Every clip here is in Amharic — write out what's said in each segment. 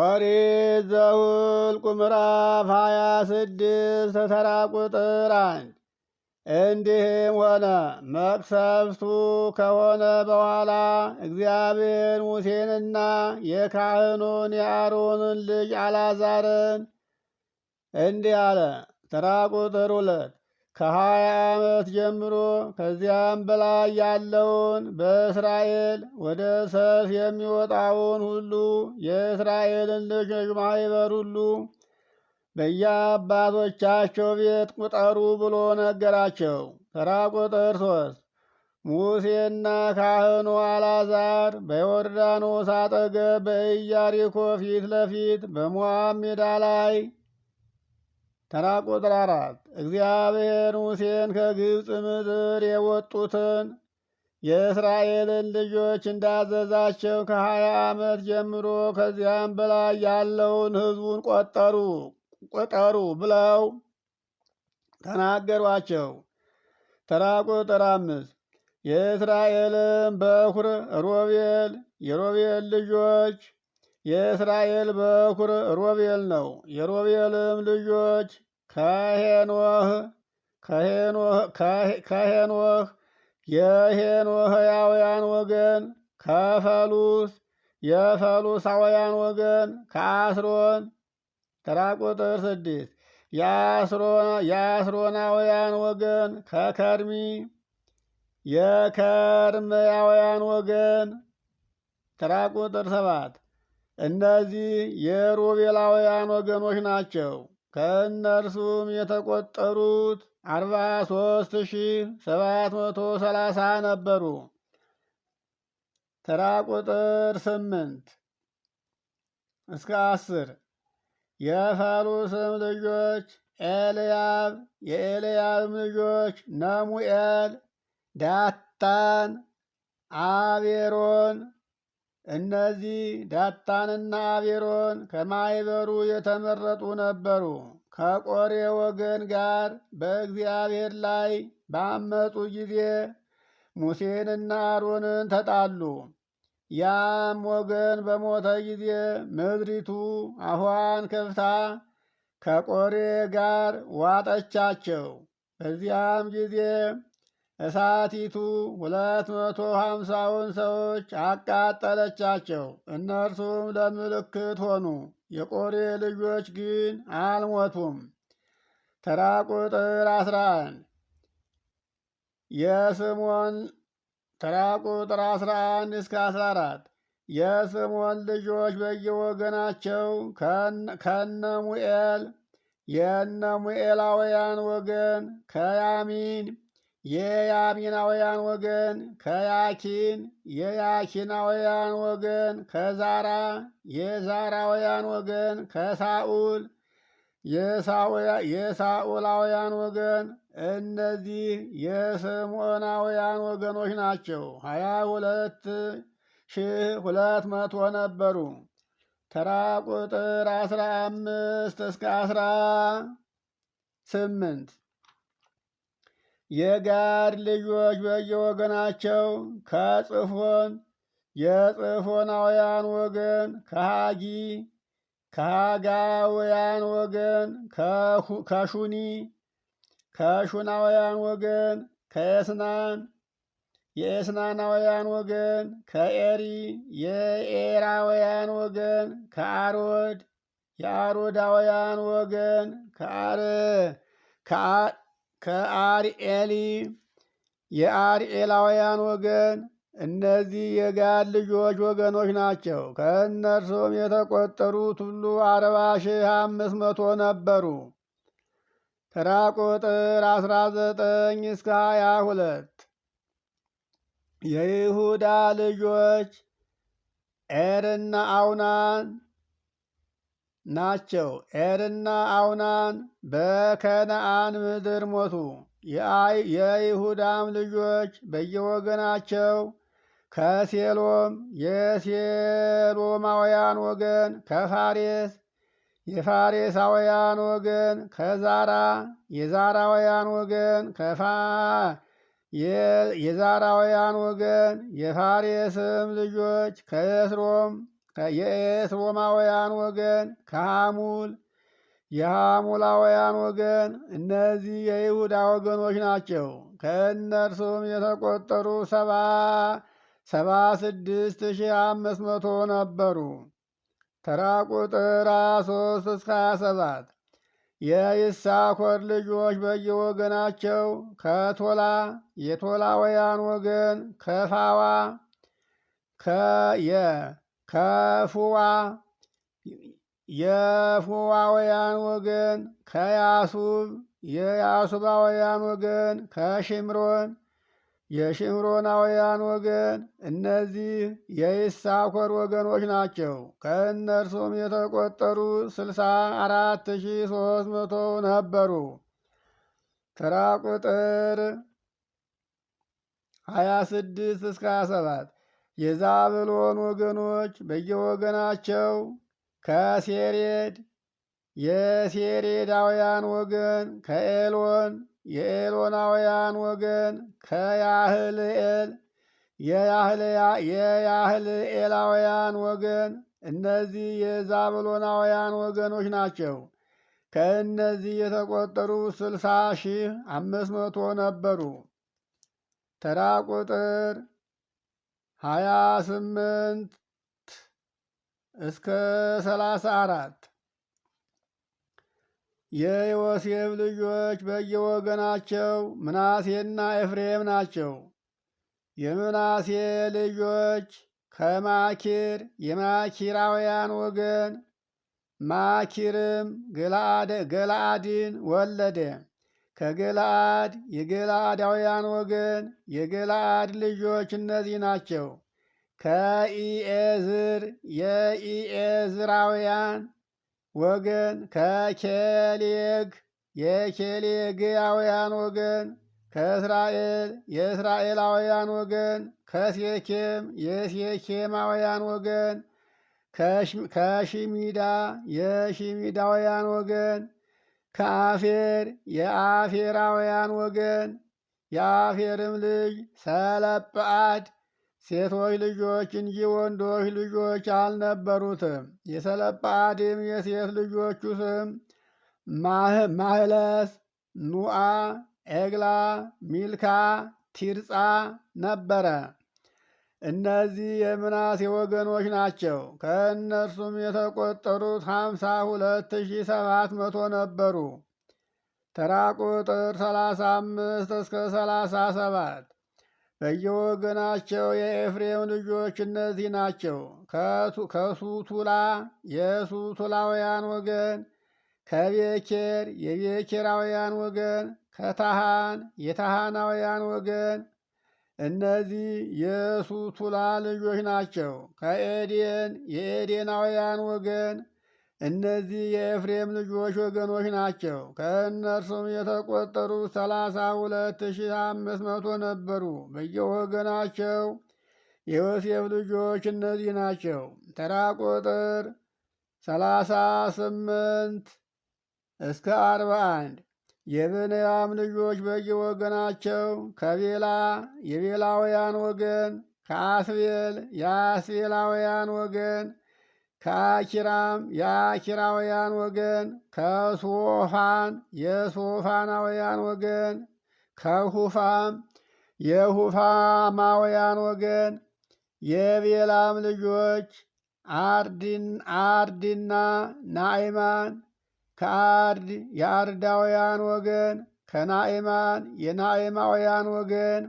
ኦሪት ዘኍልቍ ምዕራፍ ሃያ ስድስት ተራ ቁጥር አንድ እንዲህም ሆነ መቅሰፍቱ ከሆነ በኋላ እግዚአብሔር ሙሴንና የካህኑን የአሮንን ልጅ አላዛርን እንዲህ አለ። ተራ ቁጥር ሁለት ከሀያ ዓመት ጀምሮ ከዚያም በላይ ያለውን በእስራኤል ወደ ሰልፍ የሚወጣውን ሁሉ የእስራኤልን ልጆች ማኅበር ሁሉ በየአባቶቻቸው ቤት ቁጠሩ ብሎ ነገራቸው። ተራ ቁጥር ሶስት ሙሴና ካህኑ አላዛር በዮርዳኖስ አጠገብ በኢያሪኮ ፊት ለፊት በሞዓብ ሜዳ ላይ ተራ ቁጥር አራት እግዚአብሔር ሙሴን ከግብፅ ምድር የወጡትን የእስራኤልን ልጆች እንዳዘዛቸው ከሀያ ዓመት ጀምሮ ከዚያም በላይ ያለውን ሕዝቡን ቆጠሩ ቁጠሩ ብለው ተናገሯቸው። ተራ ቁጥር አምስት የእስራኤልን በኩር ሮቤል የሮቤል ልጆች የእስራኤል በኩር ሮቤል ነው። የሮቤልም ልጆች ከሄኖህ ከሄኖህ የሄኖህያውያን ወገን፣ ከፈሉስ የፈሉሳውያን ወገን፣ ከአስሮን ተራ ቁጥር ስድስት የአስሮናውያን ወገን፣ ከከርሚ የከርማውያን ወገን ተራ ቁጥር ሰባት እነዚህ የሮቤላውያን ወገኖች ናቸው። ከእነርሱም የተቆጠሩት አርባ ሶስት ሺህ ሰባት መቶ ሰላሳ ነበሩ። ተራ ቁጥር ስምንት እስከ አስር የፋሉስም ልጆች ኤልያብ፣ የኤልያብም ልጆች ነሙኤል፣ ዳታን፣ አቤሮን እነዚህ ዳታንና አቤሮን ከማይበሩ የተመረጡ ነበሩ። ከቆሬ ወገን ጋር በእግዚአብሔር ላይ ባመፁ ጊዜ ሙሴንና አሮንን ተጣሉ። ያም ወገን በሞተ ጊዜ ምድሪቱ አፏን ከፍታ ከቆሬ ጋር ዋጠቻቸው። በዚያም ጊዜ እሳቲቱ ሁለት መቶ ሀምሳውን ሰዎች አቃጠለቻቸው። እነርሱም ለምልክት ሆኑ። የቆሬ ልጆች ግን አልሞቱም። ተራ ቁጥር አስራ የስሞን ተራ ቁጥር አስራ እስከ አስራ የስሞን ልጆች በየወገናቸው ከነሙኤል የነሙኤላውያን ወገን ከያሚን የያሚናውያን ወገን ከያኪን፣ የያኪናውያን ወገን ከዛራ፣ የዛራውያን ወገን ከሳኡል፣ የሳኡላውያን ወገን። እነዚህ የስምዖናውያን ወገኖች ናቸው። ሀያ ሁለት ሺህ ሁለት መቶ ነበሩ። ተራ ቁጥር አስራ አምስት እስከ አስራ ስምንት የጋድ ልጆች በየወገናቸው ከጽፎን የጽፎናውያን ወገን ከሃጊ ከሃጋውያን ወገን ከሹኒ ከሹናውያን ወገን ከኤስናን የኤስናናውያን ወገን ከኤሪ የኤራውያን ወገን ከአሮድ የአሮዳውያን ወገን ከአር ከአርኤሊ የአርኤላውያን ወገን እነዚህ የጋድ ልጆች ወገኖች ናቸው። ከእነርሱም የተቆጠሩት ሁሉ አርባ ሺህ አምስት መቶ ነበሩ። ተራ ቁጥር አስራ ዘጠኝ እስከ ሀያ ሁለት የይሁዳ ልጆች ኤርና አውናን ናቸው። ኤርና አውናን በከነአን ምድር ሞቱ። የይሁዳም ልጆች በየወገናቸው ከሴሎም የሴሎማውያን ወገን፣ ከፋሬስ የፋሬሳውያን ወገን፣ ከዛራ የዛራውያን ወገን፣ ከፋ የዛራውያን ወገን የፋሬስም ልጆች ከስሮም! የኤስሮማውያን ወገን ከሐሙል የሐሙላውያን ወገን እነዚህ የይሁዳ ወገኖች ናቸው። ከእነርሱም የተቆጠሩ ሰባ ሰባ ስድስት ሺህ አምስት መቶ ነበሩ። ተራ ቁጥር ሶስት እስከ ሀያ ሰባት የይሳኮር ልጆች በየወገናቸው ከቶላ የቶላውያን ወገን ከፋዋ ከየ ከፉዋ የፉዋውያን ወገን ከያሱብ የያሱባውያን ወገን ከሽምሮን የሽምሮናውያን ወገን እነዚህ የይሳኮር ወገኖች ናቸው። ከእነርሱም የተቆጠሩ ስልሳ አራት ሺ ሶስት መቶ ነበሩ። ተራ ቁጥር ሀያ ስድስት እስከ ሀያ ሰባት የዛብሎን ወገኖች በየወገናቸው ከሴሬድ የሴሬዳውያን ወገን ከኤሎን የኤሎናውያን ወገን ከያህልኤል የያህልኤላውያን ወገን እነዚህ የዛብሎናውያን ወገኖች ናቸው። ከእነዚህ የተቆጠሩ ስልሳ ሺህ አምስት መቶ ነበሩ። ተራ ቁጥር ሀያ ስምንት እስከ ሰላሳ አራት የዮሴፍ ልጆች በየወገናቸው ምናሴና ኤፍሬም ናቸው። የምናሴ ልጆች ከማኪር የማኪራውያን ወገን ማኪርም ገላአድን ወለደ። ከገላአድ የገላአዳውያን ወገን የገላአድ ልጆች እነዚህ ናቸው። ከኢኤዝር የኢኤዝራውያን ወገን፣ ከኬሌግ የኬሌግያውያን ወገን፣ ከእስራኤል የእስራኤላውያን ወገን፣ ከሴኬም የሴኬማውያን ወገን፣ ከሽሚዳ የሽሚዳውያን ወገን ከአፌር የአፌራውያን ወገን የአፌርም ልጅ ሰለጰአድ ሴቶች ልጆች እንጂ ወንዶች ልጆች አልነበሩትም። የሰለጰአድም የሴት ልጆቹ ስም ማህለስ፣ ኑአ፣ ኤግላ፣ ሚልካ፣ ቲርጻ ነበረ። እነዚህ የምናሴ ወገኖች ናቸው። ከእነርሱም የተቆጠሩት ሀምሳ ሁለት ሺ ሰባት መቶ ነበሩ። ተራ ቁጥር ሰላሳ አምስት እስከ ሰላሳ ሰባት በየወገናቸው የኤፍሬም ልጆች እነዚህ ናቸው። ከሱቱላ የሱቱላውያን ወገን፣ ከቤኬር የቤኬራውያን ወገን፣ ከታሃን የታሃናውያን ወገን እነዚህ የሱቱላ ልጆች ናቸው። ከኤዴን የኤዴናውያን ወገን እነዚህ የኤፍሬም ልጆች ወገኖች ናቸው። ከእነርሱም የተቆጠሩ ሰላሳ ሁለት ሺህ አምስት መቶ ነበሩ። በየወገናቸው የዮሴፍ ልጆች እነዚህ ናቸው። ተራ ቁጥር ሰላሳ ስምንት እስከ አርባ አንድ የብንያም ልጆች በየወገናቸው ከቤላ የቤላውያን ወገን፣ ከአስቤል የአስቤላውያን ወገን፣ ከአኪራም የአኪራውያን ወገን፣ ከሶፋን የሶፋናውያን ወገን፣ ከሁፋም የሁፋማውያን ወገን። የቤላም ልጆች አርድና ናዕማን ከአርድ የአርዳውያን ወገን ከናዕማን የናዕማውያን ወገን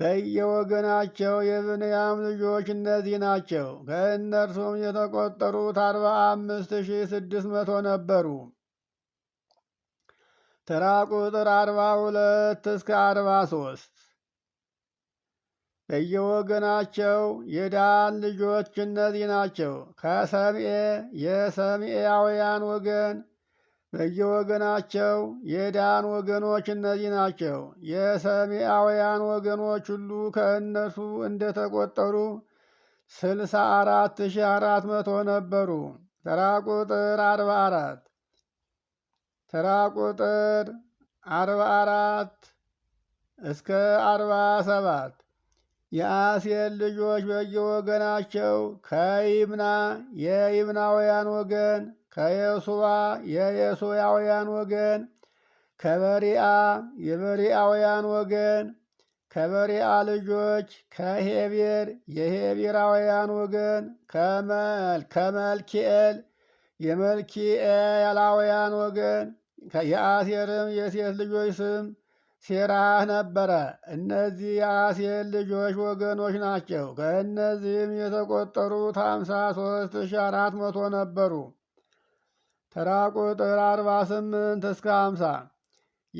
በየወገናቸው የብንያም ልጆች እነዚህ ናቸው። ከእነርሱም የተቆጠሩት አርባ አምስት ሺህ ስድስት መቶ ነበሩ። ተራ ቁጥር አርባ ሁለት እስከ አርባ ሶስት በየወገናቸው የዳን ልጆች እነዚህ ናቸው። ከሰምኤ የሰምኤያውያን ወገን በየወገናቸው የዳን ወገኖች እነዚህ ናቸው። የሰሜአውያን ወገኖች ሁሉ ከእነሱ እንደተቆጠሩ ስልሳ አራት ሺ አራት መቶ ነበሩ። ተራ ቁጥር አርባ አራት ተራ ቁጥር አርባ አራት እስከ አርባ ሰባት የአሴር ልጆች በየወገናቸው ከይብና የይብናውያን ወገን ከየሱዋ የየሱያውያን ወገን ከበሪአ የበሪአውያን ወገን ከበሪአ ልጆች ከሄቤር የሄቤራውያን ወገን ከመል ከመልኪኤል የመልኪኤላውያን ወገን የአሴርም የሴት ልጆች ስም ሴራህ ነበረ። እነዚህ የአሴር ልጆች ወገኖች ናቸው። ከእነዚህም የተቆጠሩት 5 ሦስት ሺህ አራት መቶ ነበሩ። ተራ ቁጥር አርባ ስምንት እስከ አምሳ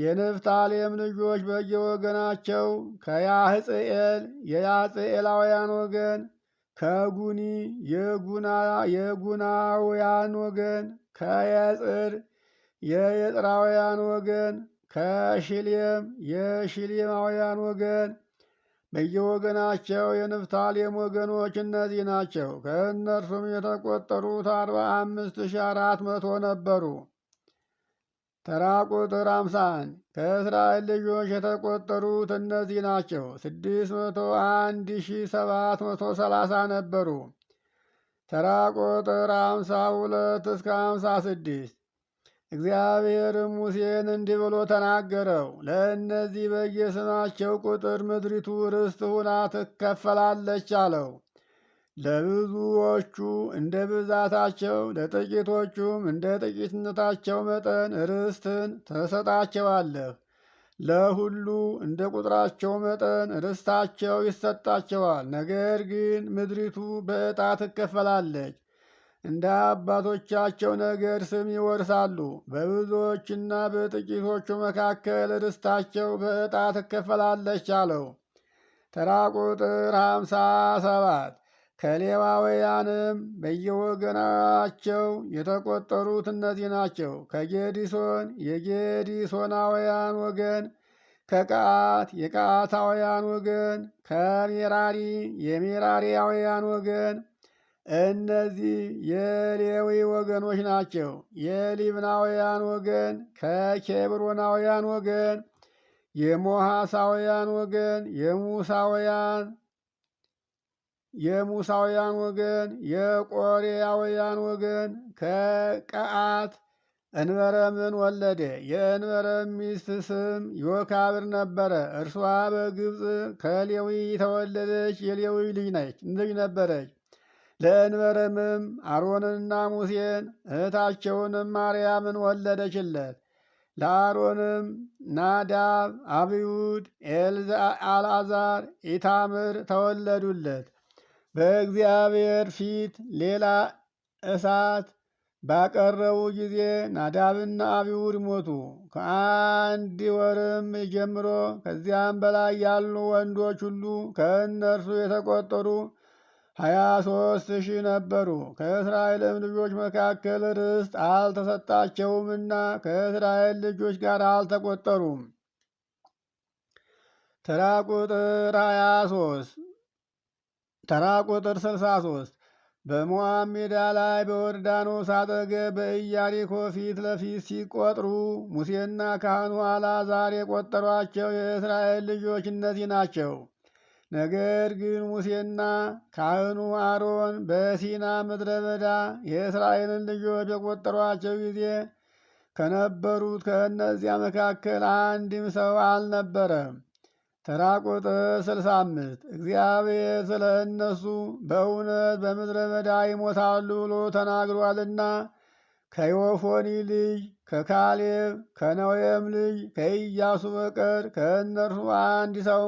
የንፍታሌም ልጆች በየወገናቸው ከያህጽኤል የያህጽኤላውያን ወገን ከጉኒ የጉናውያን ወገን ከየጽር የየጥራውያን ወገን ከሽሌም የሽሌማውያን ወገን በየወገናቸው የንፍታሌም ወገኖች እነዚህ ናቸው። ከእነርሱም የተቆጠሩት አርባ አምስት ሺ አራት መቶ ነበሩ። ተራ ቁጥር አምሳ ከእስራኤል ልጆች የተቆጠሩት እነዚህ ናቸው። ስድስት መቶ አንድ ሺ ሰባት መቶ ሰላሳ ነበሩ። ተራ ቁጥር አምሳ ሁለት እስከ አምሳ ስድስት እግዚአብሔርም ሙሴን እንዲህ ብሎ ተናገረው። ለእነዚህ በየስማቸው ቁጥር ምድሪቱ ርስት ሁና ትከፈላለች አለው። ለብዙዎቹ እንደ ብዛታቸው፣ ለጥቂቶቹም እንደ ጥቂትነታቸው መጠን ርስትን ትሰጣቸዋለህ። ለሁሉ እንደ ቁጥራቸው መጠን ርስታቸው ይሰጣቸዋል። ነገር ግን ምድሪቱ በዕጣ ትከፈላለች። እንደ አባቶቻቸው ነገድ ስም ይወርሳሉ። በብዙዎችና በጥቂቶቹ መካከል ርስታቸው በዕጣ ትከፈላለች አለው። ተራ ቁጥር ሃምሳ ሰባት ከሌዋውያንም በየወገናቸው የተቆጠሩት እነዚህ ናቸው። ከጌዲሶን የጌዲሶናውያን ወገን፣ ከቀዓት የቀዓታውያን ወገን፣ ከሜራሪ የሜራሪያውያን ወገን እነዚህ የሌዊ ወገኖች ናቸው። የሊብናውያን ወገን ከኬብሮናውያን ወገን፣ የሞሐሳውያን ወገን፣ የሙሳውያን የሙሳውያን ወገን፣ የቆሬያውያን ወገን ከቀአት እንበረምን ወለደ። የእንበረም ሚስት ስም ዮካብር ነበረ። እርሷ በግብፅ ከሌዊ የተወለደች የሌዊ ልጅ ነች ልጅ ነበረች። ለእንበረምም አሮንንና ሙሴን እህታቸውንም ማርያምን ወለደችለት። ለአሮንም ናዳብ፣ አብዩድ፣ አልአዛር፣ ኢታምር ተወለዱለት። በእግዚአብሔር ፊት ሌላ እሳት ባቀረቡ ጊዜ ናዳብና አብዩድ ሞቱ። ከአንድ ወርም ጀምሮ ከዚያም በላይ ያሉ ወንዶች ሁሉ ከእነርሱ የተቆጠሩ ሀያ ሶስት ሺህ ነበሩ። ከእስራኤልም ልጆች መካከል ርስት አልተሰጣቸውምና ከእስራኤል ልጆች ጋር አልተቆጠሩም። ተራ ቁጥር ሀያ ሦስት ተራ ቁጥር ስልሳ በሞዓብ ሜዳ ላይ በዮርዳኖስ አጠገብ በኢያሪኮ ፊት ለፊት ሲቆጥሩ ሙሴና ካህኑ አልዓዛር የቆጠሯቸው የእስራኤል ልጆች እነዚህ ናቸው። ነገር ግን ሙሴና ካህኑ አሮን በሲና ምድረ በዳ የእስራኤልን ልጆች በቆጠሯቸው ጊዜ ከነበሩት ከእነዚያ መካከል አንድም ሰው አልነበረም። ተራ ቁጥር ስልሳ አምስት እግዚአብሔር ስለ እነሱ በእውነት በምድረ በዳ ይሞታሉ ብሎ ተናግሯልና ከዮፎኒ ልጅ ከካሌብ ከነዌም ልጅ ከኢያሱ በቀር ከእነርሱ አንድ ሰው